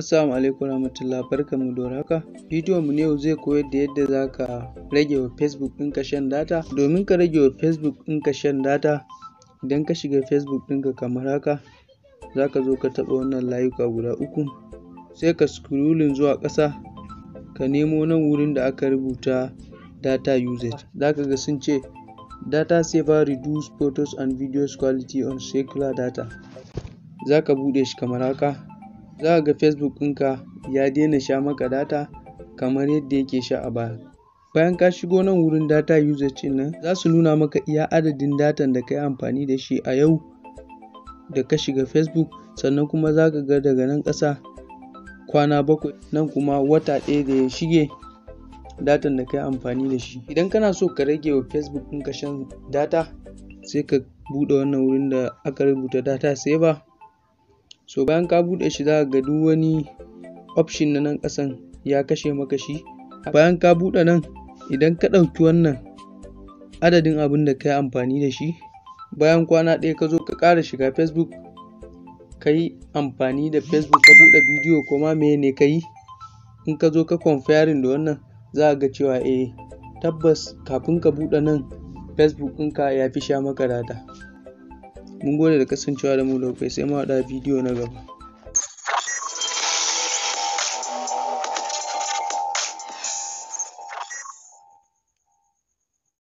Assalamu alaikum warahmatullahi barkamu da warhaka. Bidiyon mu ne yau zai koyar da yadda za ka rage wa Facebook ka shan data. Domin ka rage wa Facebook ka shan data, idan ka shiga Facebook ka kamar haka, za ka zo ka taɓa wannan layuka guda uku, sai ka scrolling zuwa ƙasa, ka nemo nan wurin da aka rubuta data usage. Za ka ga sun ce data saver reduce photos and videos quality on secular data. Za ka buɗe shi kamar haka. za ga Facebook ɗinka ya daina sha maka data kamar yadda yake sha a baya. Bayan ka shigo nan wurin data usage ɗin nan za su nuna maka iya adadin datan da ka yi amfani da shi a yau da ka shiga Facebook sannan kuma za ka ga daga nan ƙasa kwana bakwai nan kuma wata ɗaya da ya shige datan da ka yi amfani da shi. Idan kana so ka rage wa Facebook ɗinka shan data sai ka buɗe wannan wurin da aka rubuta data saver so bayan ka buɗe shi za ga duk wani option na nan ƙasan ya kashe maka shi bayan ka buɗe nan idan ka ɗauki wannan adadin abin da ka yi amfani da shi bayan kwana ɗaya ka zo ka ƙara shiga facebook ka yi amfani da facebook ka buɗe bidiyo ko ma meye ne ka yi in ka zo ka comparing da wannan za ga cewa eh tabbas kafin ka buɗe nan facebook ɗinka ya fi sha maka data Mun gode da kasancewa da mu da kuka sai mun haɗa bidiyo na gaba.